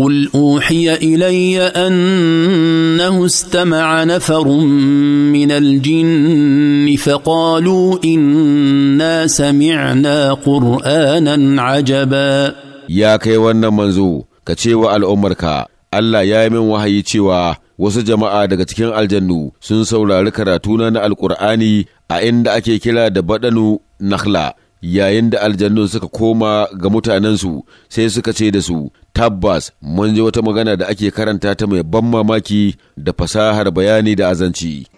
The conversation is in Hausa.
قل اوحي الي انه استمع نفر من الجن فقالوا انا سمعنا قرانا عجبا يا كي wannan manzo ka ce wa al'ummarka Allah ya yi min wahayi cewa wasu jama'a daga cikin aljannu sun saurari karatuna na alƙur'ani a inda ake kira da baɗanu nakhla yayin da aljannun suka koma ga mutanensu sai suka ce da su tabbas mun ji wata magana da ake karanta ta mai ban mamaki da fasahar bayani da azanci